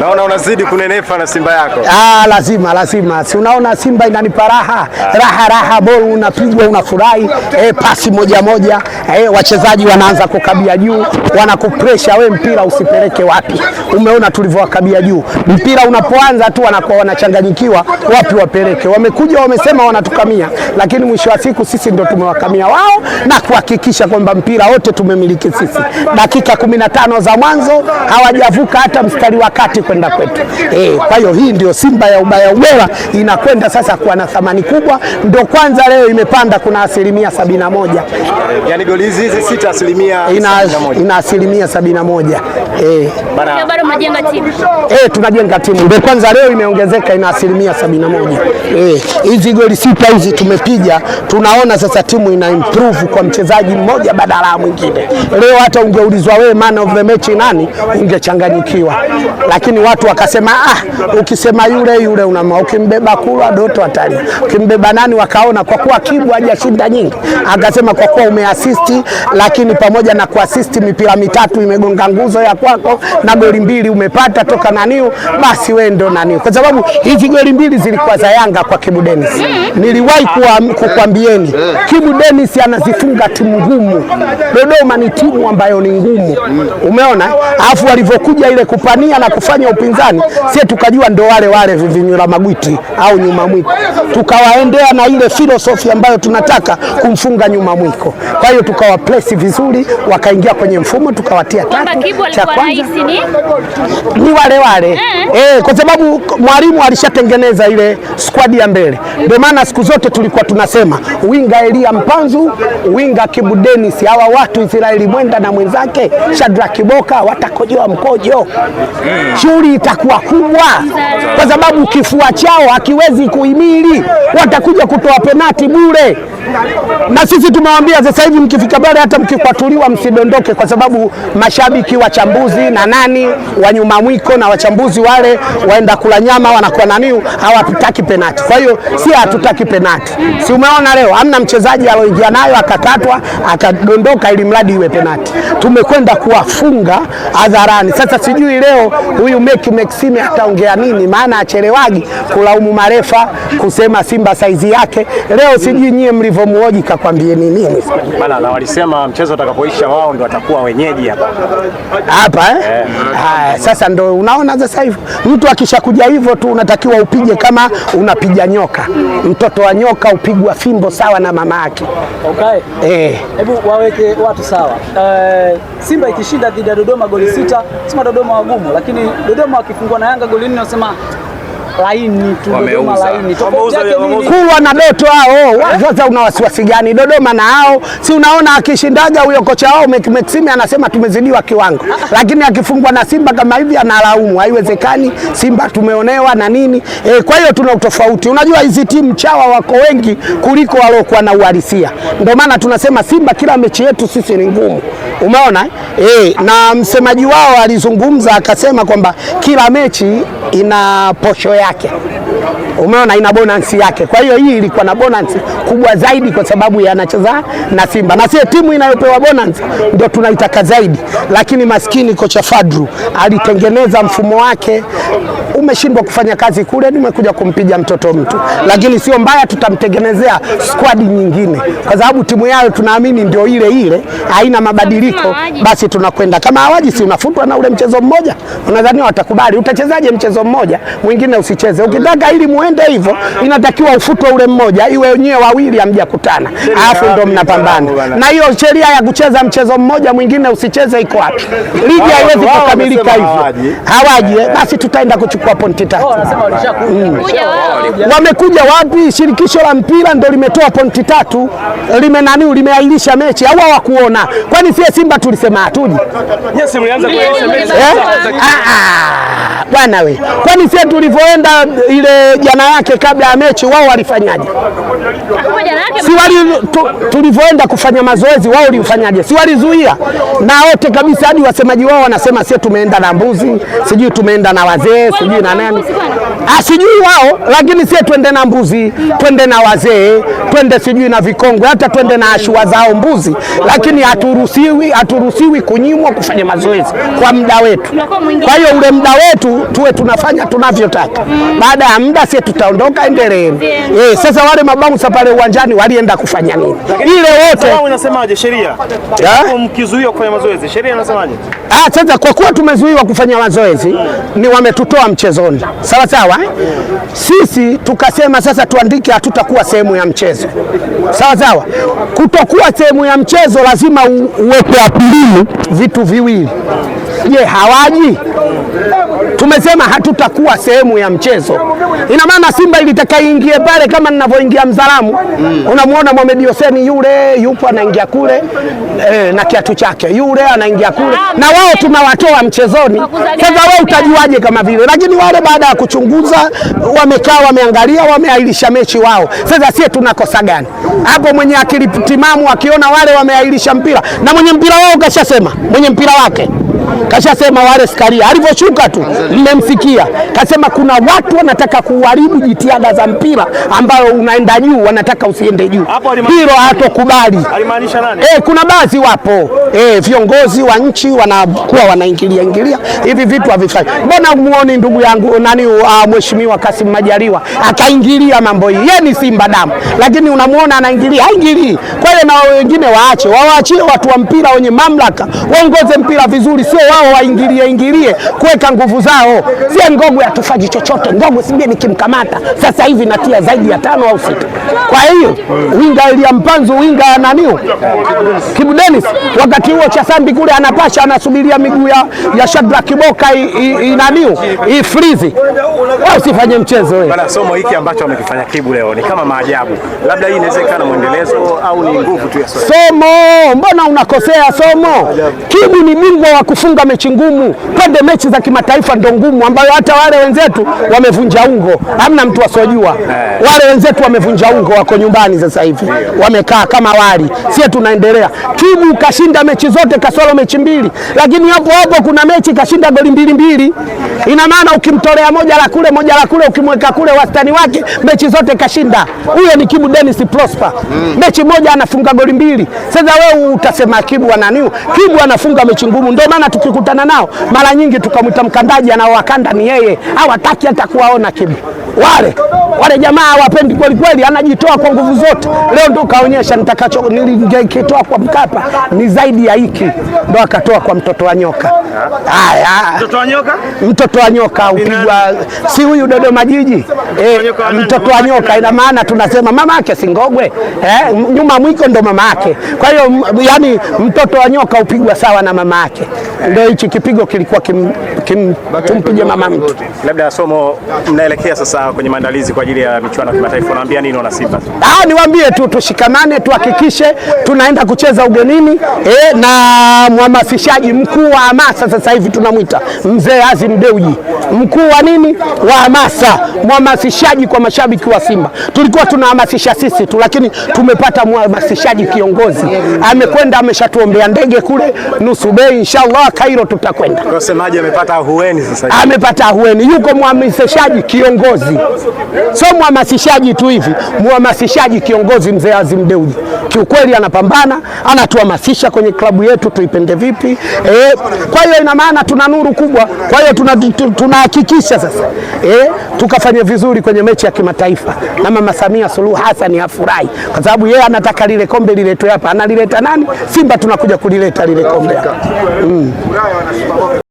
Naona unazidi kunenefa na Simba yako. Ah, lazima lazima, si unaona Simba inanipa raha raha raha, bora unapigwa unafurahi, eh, pasi moja moja, eh, wachezaji wanaanza kukabia juu, wanakupresha we, mpira usipeleke wapi. Umeona tulivyowakabia juu, mpira unapoanza tu wanakuwa wanachanganyikiwa, wapi wapeleke. Wamekuja wamesema wanatukamia, lakini mwisho wa siku sisi ndo tumewakamia wao na kuhakikisha kwamba mpira wote tumemiliki sisi. Dakika 15 za mwanzo hawajavuka hata mstari wa kati kwa kwenda kwetu. e. kwa hiyo hii ndio Simba ya ubaya ubora inakwenda sasa kuwa na thamani kubwa, ndio kwanza leo imepanda, kuna asilimia sabini na moja yani goli hizi sita, asilimia ina asilimia sabini na moja eh, bado majenga timu eh, tunajenga timu, ndio kwanza leo imeongezeka, ina asilimia sabini na moja eh, hizi goli sita hizi tumepiga, tunaona sasa timu ina improve kwa mchezaji mmoja badala ya mwingine. Leo hata ungeulizwa wewe man of the match nani, ungechanganyikiwa lakini lakini watu wakasema ah, ukisema yule yule unama, ukimbeba kula Doto atalia, ukimbeba nani, wakaona kwa kuwa Kibu hajashinda nyingi, akasema kwa kuwa umeasisti, lakini pamoja na kuasisti mipira mitatu imegonga nguzo ya kwako na goli mbili umepata toka naniu, basi wewe ndo naniu, kwa sababu hizi goli mbili zilikuwa za Yanga kwa Kibu Dennis. Niliwahi kukwambieni Kibu Dennis anazifunga timu ngumu. Dodoma ni timu ambayo ni ngumu, umeona, alafu walivyokuja ile kupania na kufanya ya upinzani, sie tukajua ndo wale wale vinyula magwiti au nyuma mwiko, tukawaendea na ile filosofi ambayo tunataka kumfunga nyuma mwiko. Kwa hiyo tukawaplesi vizuri, wakaingia kwenye mfumo, tukawatia tatu. Cha kwanza ni wale wale eh. eh, kwa sababu mwalimu alishatengeneza ile squad ya mbele, ndio maana siku zote tulikuwa tunasema winga Elia Mpanzu, winga Kibu Dennis, hawa watu Israeli Mwenda na mwenzake Shadrack Boka watakojoa mkojo. Hmm jeuri itakuwa kubwa, kwa sababu kifua chao hakiwezi kuhimili, watakuja kutoa penati bure. Na sisi tumewaambia sasa hivi, mkifika bale, hata mkikwatuliwa msidondoke, kwa sababu mashabiki wachambuzi na nani wanyuma mwiko na wachambuzi wale waenda kula nyama wanakuwa naniu, hawatutaki penati. Kwa hiyo si hatutaki penati, si umeona leo amna mchezaji aloingia nayo akakatwa akadondoka, ili mradi iwe penati. Tumekwenda kuwafunga hadharani. Sasa sijui leo huyu Omeki Maxime ataongea nini? Maana achelewagi kulaumu marefa kusema Simba saizi yake leo, sijui nyie mlivyomuoji kakwambie ni nini bana, na walisema mchezo utakapoisha wao ndio watakuwa wenyeji hapa hapa eh? Yeah. Haya, sasa ndo unaona sasa hivi mtu akishakuja hivyo tu unatakiwa upige kama unapiga nyoka. Mtoto wa nyoka upigwa fimbo sawa na mama yake. Okay. Eh. Hebu waweke watu sawa. Uh, Simba ikishinda dhidi ya Dodoma goli sita, sema Dodoma wagumu lakini Dodoma wakifungwa na Yanga golini wanasema laini tu, Dodoma laini. Tofauti yake nini? kuwa na Doto hao eh? sasa, una wasiwasi gani? Dodoma na hao si unaona, akishindaga huyo kocha wao Maxime anasema tumezidiwa kiwango, lakini akifungwa na Simba kama hivi analaumu, haiwezekani, Simba tumeonewa na nini e. Kwa hiyo tuna utofauti, unajua hizi timu chawa wako wengi kuliko waliokuwa na uhalisia, ndio maana tunasema Simba kila mechi yetu sisi ni ngumu umeona e, na msemaji wao alizungumza akasema kwamba kila mechi ina posho yake umeona ina bonansi yake. Kwa hiyo hii ilikuwa na bonansi kubwa zaidi kwa sababu yanacheza na Simba, na sio timu inayopewa bonansi ndio tunaitaka zaidi, lakini maskini kocha Fadru alitengeneza mfumo wake, umeshindwa kufanya kazi kule, nimekuja kumpiga mtoto mtu, lakini sio mbaya, tutamtengenezea squad nyingine, kwa sababu timu yayo tunaamini ndio ile ile, haina mabadiliko, basi tunakwenda kama hawaji, si unafutwa na ule mchezo mmoja, unadhani watakubali? Utachezaje mchezo mmoja mwingine usicheze ukitaka ili mwende hivyo, inatakiwa ufutwe ule mmoja, iwe wenyewe wawili hamjakutana, alafu ndo mnapambana. Na hiyo sheria ya kucheza mchezo mmoja mwingine usicheze iko wapi? Ligi haiwezi kukamilika hivyo. Hawaje? Eh? Eh. Basi tutaenda kuchukua pointi tatu. Oh, mm. Wamekuja wapi? Shirikisho la mpira ndo limetoa pointi tatu, lime nani, limeailisha mechi au hawakuona? Kwani sie Simba tulisema hatuji? Yes, mlianza mechi. Eh? Ah ah. ah, ah bwana we, kwani sie tulivyoenda ile jana yake kabla ya mechi wao walifanyaje? Si wali tulivyoenda kufanya mazoezi wao walifanyaje? Si walizuia na wote kabisa, hadi wasemaji wao wanasema sie tumeenda na mbuzi, sijui tumeenda na wazee, sijui na nani asijui ah, wao, lakini sie twende na mbuzi, twende na wazee, twende sijui na vikongwe, hata twende na ashua zao mbuzi, lakini haturuhusiwi, haturuhusiwi kunyimwa kufanya mazoezi kwa muda wetu. Kwa hiyo ule muda wetu tuwe tunafanya tunavyotaka. Baada ya muda sie tutaondoka, endeleeni. Eh, sasa wale mabounsa pale uwanjani walienda kufanya nini? Ile wote inasemaje sheria? Mkizuiwa kufanya mazoezi, sheria inasemaje? Ah, sasa kwa kuwa tumezuiwa kufanya mazoezi, ni wametutoa mchezoni, sawa sawa sawa eh? Sisi tukasema sasa tuandike, hatutakuwa sehemu ya mchezo sawa sawa. Kutokuwa sehemu ya mchezo lazima uwepo akilini vitu viwili. Je, hawaji tumesema hatutakuwa sehemu ya mchezo. Ina maana Simba ilitaka ingie pale kama ninavyoingia Mzalamu mm. Unamwona Mohamed Hussein yule yupo anaingia kule e, na kiatu chake yule anaingia kule, ah, na wao tunawatoa mchezoni. Sasa wewe utajuaje kama vile? Lakini wale baada ya kuchunguza wamekaa, wameangalia, wameahirisha mechi wao. Sasa sie tunakosa gani hapo? Mwenye akili timamu akiona wale wameahirisha mpira na mwenye mpira wao kashasema mwenye mpira wake Kashasema wale Skaria alivyoshuka tu mmemsikia, kasema kuna watu wanataka kuharibu jitihada za mpira ambayo unaenda juu, wanataka usiende juu. Hilo hatokubali. E, kuna baadhi wapo e, viongozi wa nchi wanakuwa wanaingilia ingilia hivi vitu havifai. Mbona muoni ndugu yangu nani, uh, mheshimiwa Kasim Majaliwa akaingilia mambo hii, yeye ni Simba damu, lakini unamwona anaingilia, haingilii. Kwa hiyo na wengine waache, wawaachie watu wa mpira wenye mamlaka waongoze mpira vizuri sio wao waingilie ingilie kuweka nguvu zao. Sie Ngogwe hatufanyi chochote. Ngogwe sibie nikimkamata sasa hivi natia zaidi ya tano au sita. Kwa hiyo winga Elia Mpanzu, winga naniu Kibu Dennis, wakati huo cha sambi kule anapasha, anasubiria miguu ya ya Shadrack Kiboka inaniu freeze. Wewe usifanye mchezo wewe bana. Somo hiki ambacho amekifanya Kibu leo ni kama maajabu, labda hii inawezekana mwendelezo au ni nguvu tu ya somo. Somo mbona unakosea somo? Kibu ni bingwa wa kufunga mechi ngumu, twende mechi za kimataifa ndo ngumu, ambayo hata wale wenzetu wamevunja ungo, hamna mtu asiojua. Wale wenzetu wamevunja ungo, wako nyumbani sasa hivi wamekaa kama wali, sie tunaendelea. Timu kashinda mechi zote kasoro mechi mbili, lakini hapo hapo kuna mechi kashinda goli mbili mbili. Ina maana ukimtolea moja la kule moja la kule, ukimweka kule, wastani wake mechi zote kashinda. Huyo ni Kibu Dennis Prosper, mechi moja anafunga goli mbili. Sasa wewe utasema Kibu ananiu? Kibu anafunga mechi ngumu, ndio maana tukikutana nao mara nyingi tukamwita mkandaji, anaowakanda ni yeye, hawataki hata kuwaona kibu wale wale jamaa hawapendi kweli kweli, anajitoa kwa nguvu zote. Leo ndo kaonyesha nitakacho nilikitoa kwa Mkapa ni zaidi ya hiki, ndo akatoa kwa mtoto wa nyoka. Haya, mtoto wa nyoka, mtoto wa nyoka upigwa, si huyu Dodoma Jiji e, mtoto wa nyoka, ina maana tunasema mama yake Singogwe e, eh, nyuma mwiko ndo mama yake. Kwa hiyo yani mtoto wa nyoka upigwa sawa na mama yake ndio hichi kipigo kilikuwa kimtumpige kim, mama mtu. Labda somo, mnaelekea sasa kwenye maandalizi kwa ajili ya michuano ya kimataifa, naambia nini wana Simba? Ah, niwaambie tu tushikamane, tuhakikishe tunaenda kucheza ugenini eh, na mhamasishaji mkuu wa hamasa sasa hivi tunamwita mzee Azim Deuji, mkuu wa nini wa hamasa, mhamasishaji kwa mashabiki wa Simba. Tulikuwa tunahamasisha sisi tu, lakini tumepata mhamasishaji kiongozi, amekwenda ameshatuombea ndege kule nusu bei, inshallah Kairo tutakwenda. Unasemaje amepata ahueni sasa hivi? Amepata ahueni, yuko mhamasishaji kiongozi, sio mhamasishaji tu hivi, mhamasishaji kiongozi, mzee Azim Deuji kiukweli anapambana, anatuhamasisha kwenye klabu yetu tuipende vipi e. Kwa hiyo ina maana tuna nuru kubwa, kwa hiyo tunahakikisha tuna sasa e, eh, tukafanya vizuri kwenye mechi ya kimataifa na Mama Samia Suluhu Hassan afurahi, kwa sababu yeye anataka lile kombe liletwe hapa. Analileta nani? Simba tunakuja kulileta lile kombe mm.